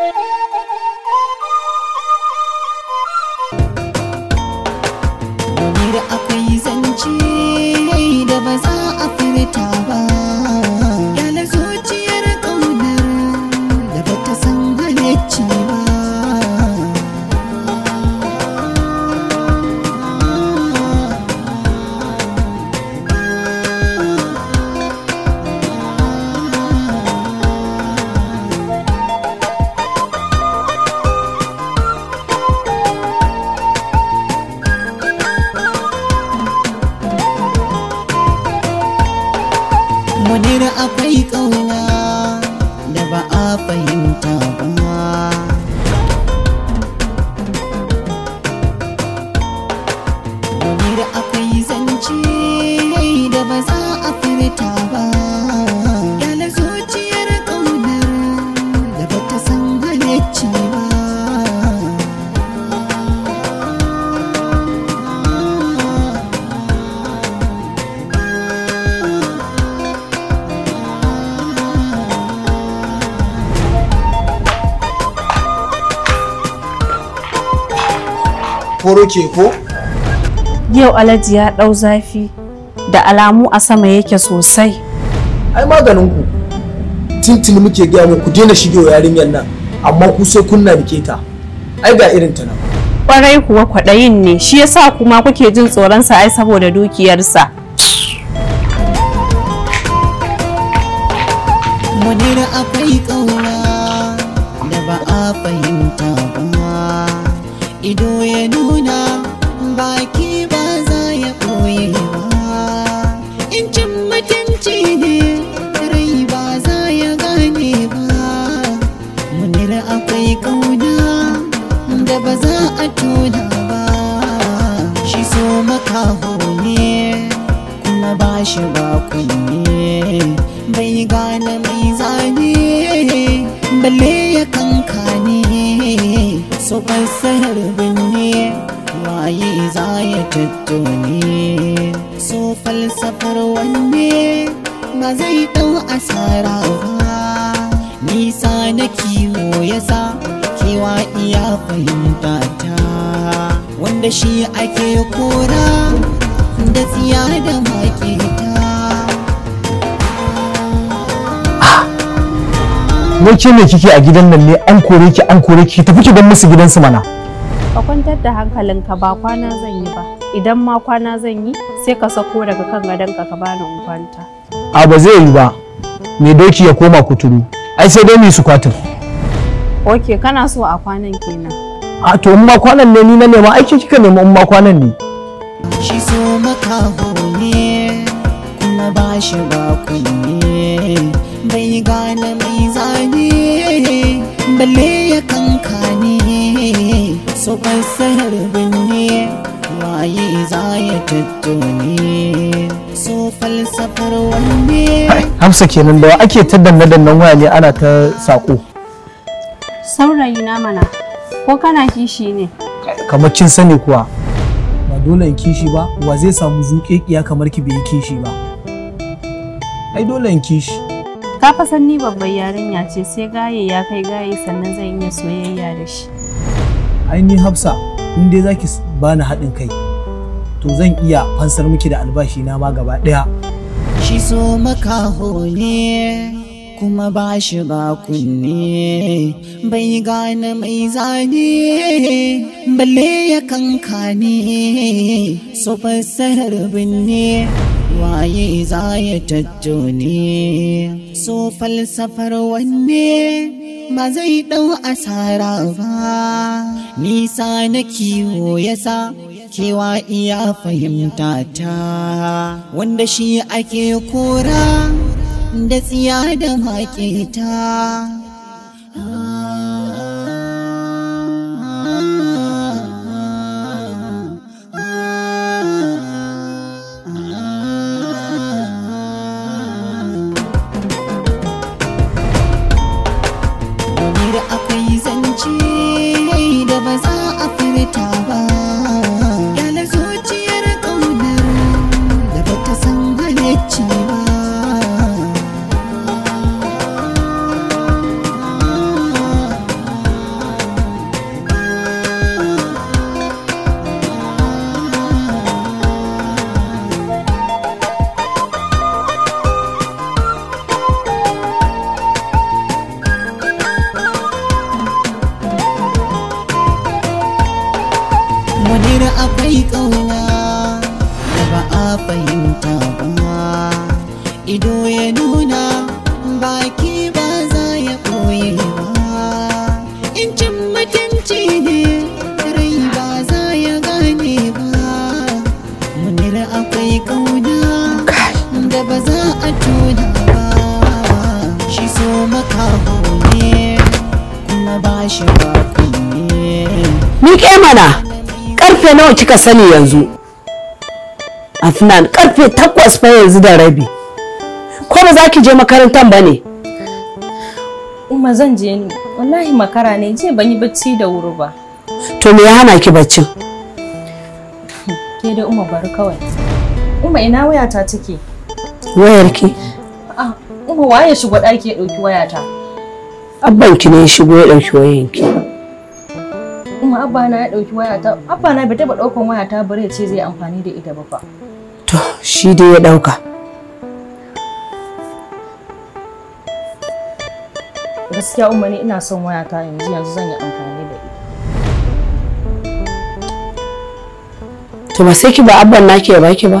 Thank you. munira akwai ƙauna da ba a foro ke ko yau Alhaji ya ɗau zafi da alamu a sama yake sosai ai maganin ku tintin muke gaya mu ku daina shigewa yarinyar nan amma ku sai kunna da ta ai ga irin ta nan kwarai kuwa kwaɗayin ne shi yasa kuma kuke jin tsoron sa ai saboda dukiyarsa Munira akwai ƙaura shi ne ba za ya gane ba munir akwai kauna da ba za a tona ba shi so makaho ne kuma ba shi bai gane mai zane balle su kankane so fassarar binne waye za ya tattuna zai ɗau asara ba nisa na kiwo ya sa kewa iya fahimta ta wanda shi ake kora da tsiya da makita wacce ne kike a gidan nan ne an kore ki an kore ki tafi ki don musu gidansu mana ka kwantar da hankalinka ba kwana zan yi ba idan ma kwana zan yi sai ka sako daga kan gadonka ka bani in kwanta abu ba zai yi ba mai doki ya koma kuturu ai sai dai mu su kwatin ok kana so a kwanan kenan a to in ma kwanan ne ni na nema aiki kika nema in ma kwanan ne shi so makaho ne kuma ba shi ba kunne bai gane mai zane balle ya ne so sai sahar binne waye za ya tattone falsafar Hamsa kenan da ake ta danna dannan waya ne ana ta sako saurayi na mana ko kana kishi ne kamar kin sani kuwa ba dole in kishi ba wa zai samu zuƙeƙiya kamar ki bai kishi ba ai dole in kishi ka fa san ni babbar yarinya ce sai gaye ya kai gaye sannan zan iya soyayya da shi ai ni hafsa in dai zaki bani haɗin kai to zan iya fansar miki da albashi na ma gaba ɗaya. Shi so makaho ne kuma ba shi ba kunne bai gane mai zane balle ya kankane so fassarar binne waye za ya tattone so falsafar wanne ba zai dau asara ba nisa na kiwo yasa kewa iya fahimta ta wanda shi ake kora da tsiya da ta. Ni bashi mana karfe nawa kika sani yanzu afnan karfe takwas fa yanzu da rabi ko ba za ki je makarantar ba ne umma zan je ni wallahi makara ne je ban yi bacci da wuri ba to me ya hana ki baccin ke da umma bari kawai umma ina wayata take wayarki ah umma waye shigo daki ya ɗauki wayata abban ki ne shigo ya dauki wayan ki kuma abba na ya dauki waya abba na bai taɓa daukan waya ta bare ce zai amfani da ita ba fa to shi dai ya dauka gaskiya umma ne ina son waya ta yanzu yanzu zan yi amfani da ita to ba sai ki ba abban naki ya baki ba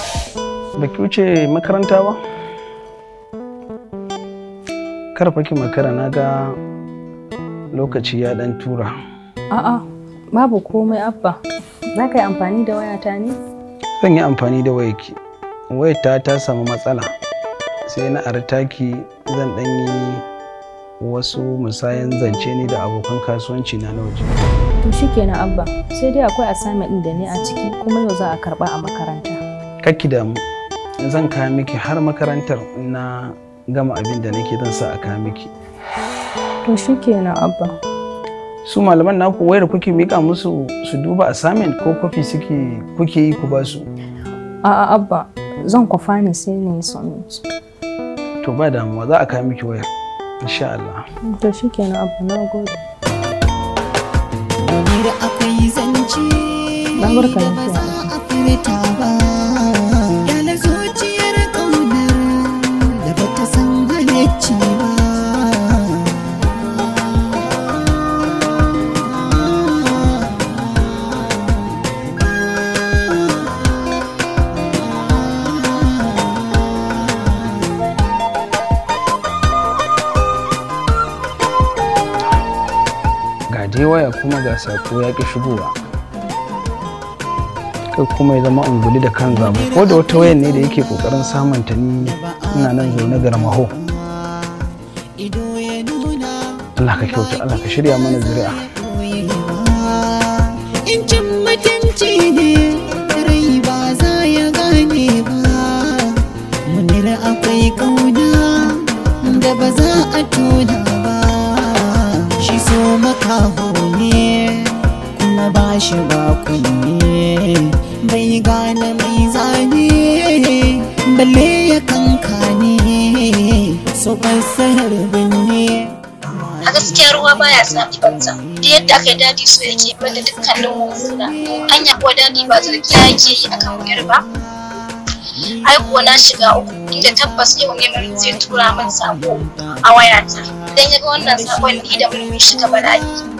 baki wuce makaranta ba karfa ki makara na ga lokaci ya dan tura a'a babu komai abba za ka yi amfani da wayata ne zan yi amfani da wayarki wayata ta samu matsala sai na artaki zan dan yi wasu musayan zance ne da abokan kasuwanci na na waje to shikenan abba sai dai akwai assignment din da ne a ciki kuma yau za a karba a makaranta kakki damu zan kawo miki har makarantar na gama abin da nake zan sa a kawo miki to shi na abba su malaman naku wayar kuke mika musu su duba assignment ko kofi suke kuke yi ku ba su a'a abba zan kwafa ni sai ne submit to ba damuwa za a kawo miki wayar insha Allah to shikenan abba na gode na da akwai zance ba barka ba sako ya ƙi shigowa kai kuma ya zama unguli da kan zabu ko da wata wayan ne da yake kokarin samun ta ni ina nan zaune garmaho Allah ka kyauta Allah ka shirya mana zuri'a shi bai gane mai zane balle ya so a gaskiya ruwa baya tsami banza da yadda aka yi dadi so yake bada dukkanin wofuna an yakuwa dadi ba zargi yake yi akan wuyar ba ai kuwa na shiga uku inda tabbas yau ne zai tura min sako a wayata idan ya ga wannan sakon ni da mun shiga bala'i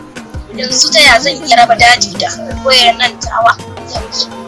yanzu ta ya zan iya raba daji da wayar nan tawa yanzu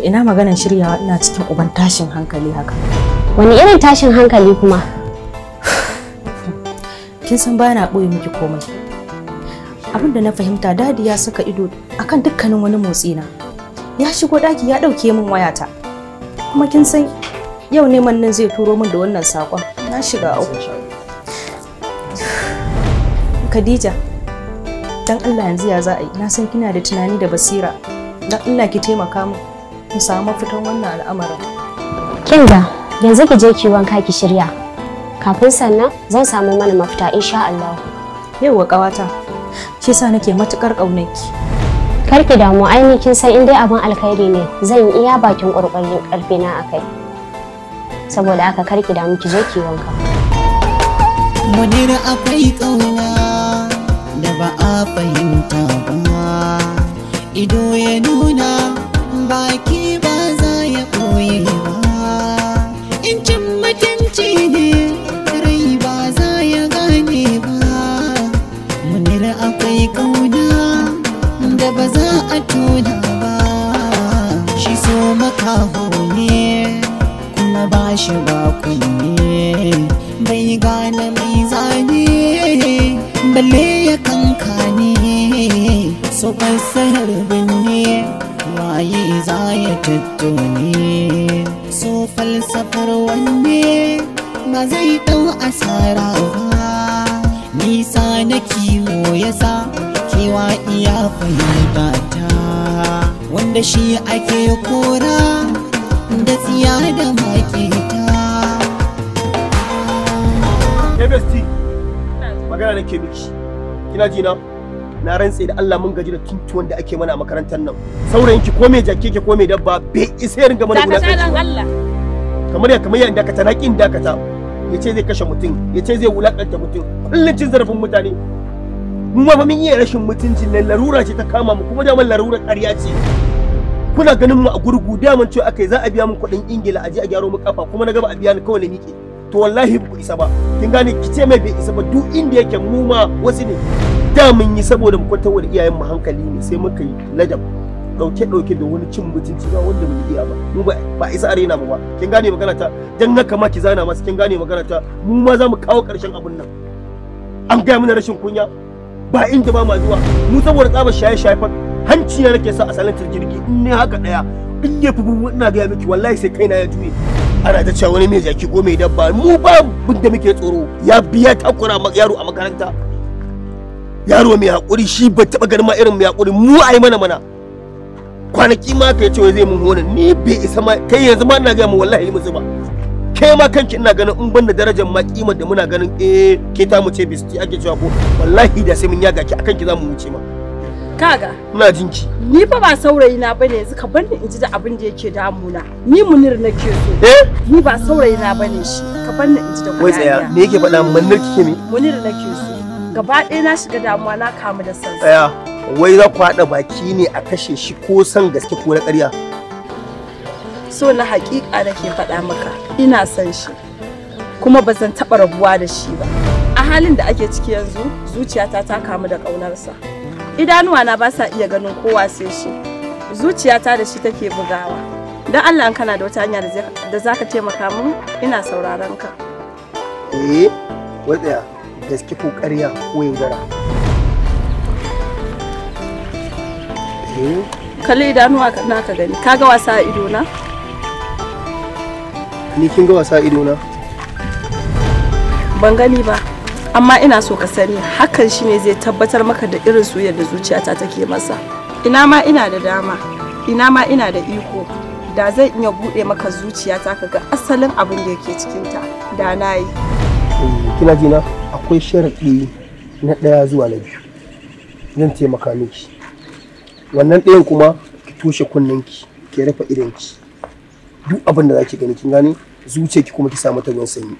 ina maganar shiryawa ina cikin uban tashin hankali haka wani irin tashin hankali kuma kin san ba na ɓoye miki komai abin da na fahimta dadi ya saka ido akan dukkanin wani motsi na ya shigo daki ya ɗauke min wayata kuma kin san yau neman nan zai turo min da wannan sakon na shiga uku Khadija dan Allah yanzu ya za a yi na san kina da tunani da basira dan Allah ki taimaka min mu samu fitan wannan al'amarin kinga yanzu ki je ki wanka ki shirya kafin sannan zan samu mana mafita insha Allah yauwa ƙawata shi sa nake matukar ƙaunarki kar ki damu aini kin san in dai abin alkhairi ne zan yi iya bakin ƙurƙurin ƙarfi na akai saboda haka kar ki damu ki je ki wanka munira akwai ƙauna da ba a fahimta ba ido ya nuna baki ba za ya ɓoye ba in cin mutunci ne rai ba za ya gane ba munir akwai kauna da ba za a tona ba shi so makaho ne kuma ba shi ba kunne bai gane mai zane balle ya kankane so ƙasarar binne bayi za ya tattone so falsafar wanne ba zai dau asara ba nisa na kiwo ya sa kewa iya fahimta ta wanda shi ake kora da tsiya da makita MST magana nake miki kina jina? na rantse da Allah mun gaji da tuntuwan da ake mana a makarantar nan saurayin ki ko mai jaki ke ko mai dabba bai isa ringa mana wulakanci Allah kamar ya kamar ya dakata na kin dakata yace zai kashe mutum yace zai wulakanta mutum kullun cin zarafin mutane mun ma mun iya rashin mutunci nan larura ce ta kama mu kuma daman larura ƙarya ce kuna ganin mu a gurgu daman cewa akai za a biya mu kuɗin ingila a je a gyaro mu kafa kuma na gaba a biya ni kawai na miƙe to wallahi ba ku isa ba kin gane ki ce mai bai isa ba duk inda yake mu ma wasu ne da mun yi saboda mu kwantar wa iyayen mu hankali ne sai muka yi ladab dauke dauke da wani cin mutunci ba wanda mu iya ba mu ba ba isa arena ba kin gane magana ta dan haka ma ki zana masa kin gane magana ta mu ma za mu kawo karshen abun nan an gaya mana rashin kunya ba inda ba ma zuwa mu saboda tsaba shaye shaye fa hanci ne nake sa a salatin jirgi in ne haka daya in ya fi ina gaya miki wallahi sai kaina ya juye ana ta cewa wani mai jaki ko mai dabba mu ba mun da muke tsoro ya biya takura yaro a makaranta yaro mai haƙuri shi ba taɓa ganin ma irin mai haƙuri mu a mana mana kwanaki ma ka ce zai mun hona ni bai isa ma kai yanzu ma ina ga mu wallahi yi musu ba ma kanki ina ganin in banda darajar ma kimar da muna ganin eh ke ta mu ce bisti ake cewa ko wallahi da sai mun yaga ki akan ki za mu wuce ma kaga ina jin ki ni fa ba saurayi na bane yanzu ka bar ni in ji da abin da yake damuna ni munir nake so eh ni ba saurayi na bane shi ka bar ni in ji da wai tsaya me yake faɗa munir ke ne munir nake so gaba ɗaya na shiga damuwa na kamu da sansa tsaya wai za ku haɗa baki ne a kashe shi ko san gaske ko na ƙarya so na haƙiƙa nake faɗa maka ina son shi kuma ba zan taɓa rabuwa da shi ba a halin da ake ciki yanzu zuciyata ta kamu da ƙaunarsa idanuwa na ba sa iya ganin kowa sai shi zuciyata da shi take bugawa don allah an kana da wata hanya da za ka taimaka min ina sauraron ka eh wadda da suke ƙarya ko yaudara. Eh? Kalle idanuwa na ka gani, ka ga wasa a ido na? Ni kin ga wasa a ido na? Ban gani ba, amma ina so ka sani hakan shine zai tabbatar maka da irin soyayya da zuciyata take masa. Ina ma ina da dama, ina ma ina da iko, da zai iya buɗe maka zuciyata ka ga asalin abin da yake cikinta, da na yi. Eh, kina ji na akwai sharaɗi na ɗaya zuwa na biyu zan taimaka miki wannan ɗayan kuma ki toshe kunnanki, ki rufe idonki duk abin da za ki gani kin gane zuciyarki kuma ki sa mata ruwan sanyi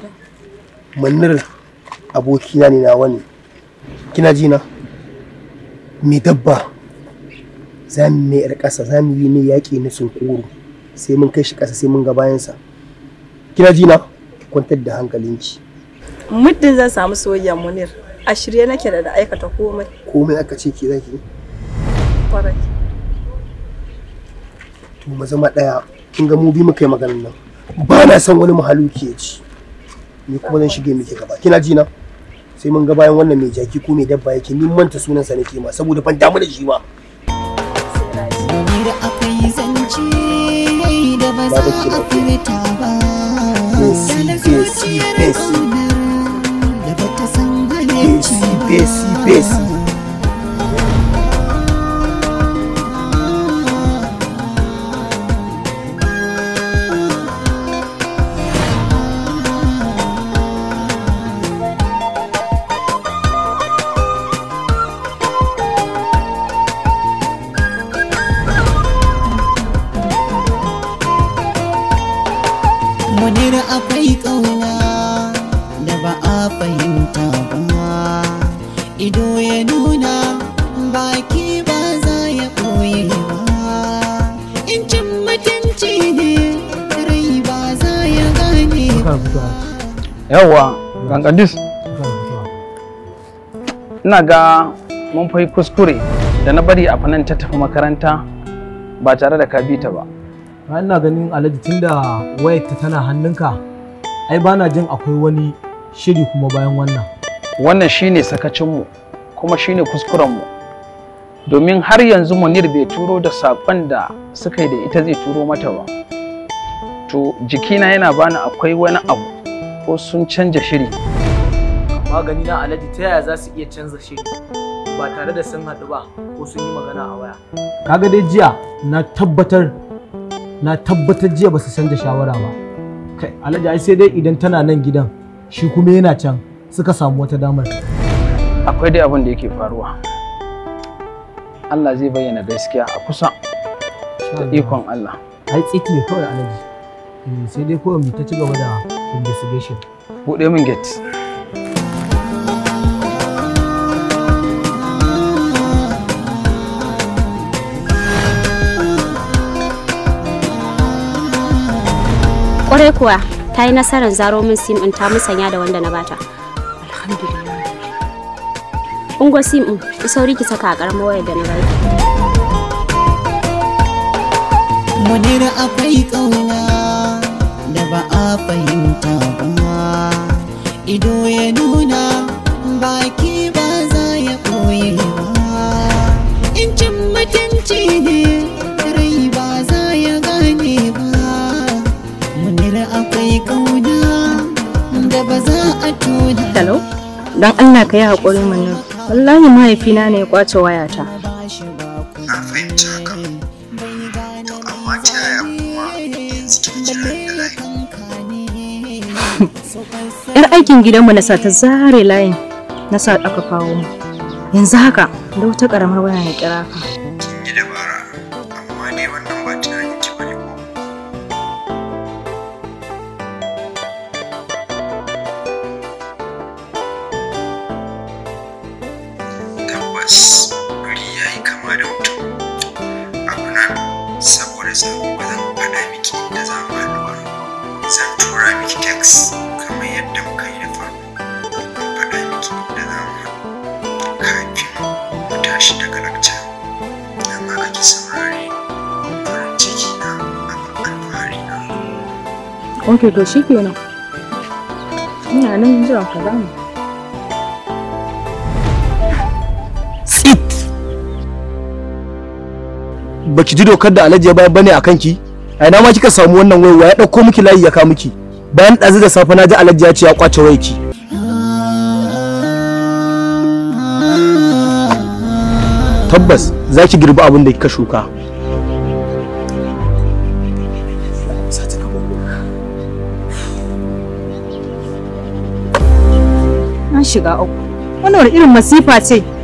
da mannar abokina ne nawa ne kina ji na mai dabba za mu mai ƙasa za mu yi mai yaƙi na sunkuru sai mun kai shi ƙasa sai mun ga bayansa kina jina. ki kwantar da hankalinki muddin zan samu soyayya munir a shirye nake da aikata komai komai aka ce ki zaki kwarai to mu zama daya kin ga mu bi muka yi maganar nan ba na son wani mahaluki ya ci ni kuma zan shige miki gaba kina jina sai mun ga bayan wannan mai jaki ko mai dabba yake ni manta sunan sa nake ma saboda ban damu da shi ba da akwai zance da ba za a furta ba besi besi besi yawwa gangadis ina ga mun fai kuskure da na bari a fanan ta tafi makaranta ba tare da ka bita ba ina ganin alhaji tunda wayar ta tana hannunka ai bana jin akwai wani shiri kuma bayan wannan wannan shine sakacinmu kuma shine kuskurenmu domin har yanzu munir bai turo da saƙon da suka yi da ita zai turo mata ba to jikina yana bani akwai wani abu ko sun canja shiri magani na alaji ta yaya za su iya canza shiri ba tare da sun haɗu ba ko sun yi magana a waya kaga dai jiya na tabbatar na tabbatar jiya ba su canza shawara ba kai alaji ai sai dai idan tana nan gidan shi kuma yana can suka samu wata damar akwai dai abin da yake faruwa Allah zai bayyana gaskiya a kusa da ikon Allah ai tsiki ne kawai alaji eh, sai dai kawai mu ta ci gaba da investigation buɗe min gate kwarai kuwa ta yi nasarar zaro min sim in ta musanya da wanda na bata alhamdulillah ungo sim in ki sauri ki saka a karamar wayar da na bata munira akwai kauna fahimta kuma ido ya nuna baki ba za ya koye ba in cin mutunci ne rai ba za ya gane ba munira akwai kauna da ba za a tona dan Allah ka yi haƙuri munir wallahi mahaifina ne ya kwace wayata cikin gidanmu na sa ta zare layin na sa aka kawo mu yanzu haka da wata karamar waya ya kira ka gargajiya amma kake saurare farin ciki na abin alfahari na ok to shi kenan ina nan jiran ka zamu tsit baki ji dokar da alhaji ya bayar bane a kanki a ina ma kika samu wannan waiwa ya dauko miki layi ya ka miki bayan ɗazu da safe na ji alhaji ya ce ya kwace waiki tabbas za ki girbi abin da kika shuka an shiga uku wannan irin masifa ce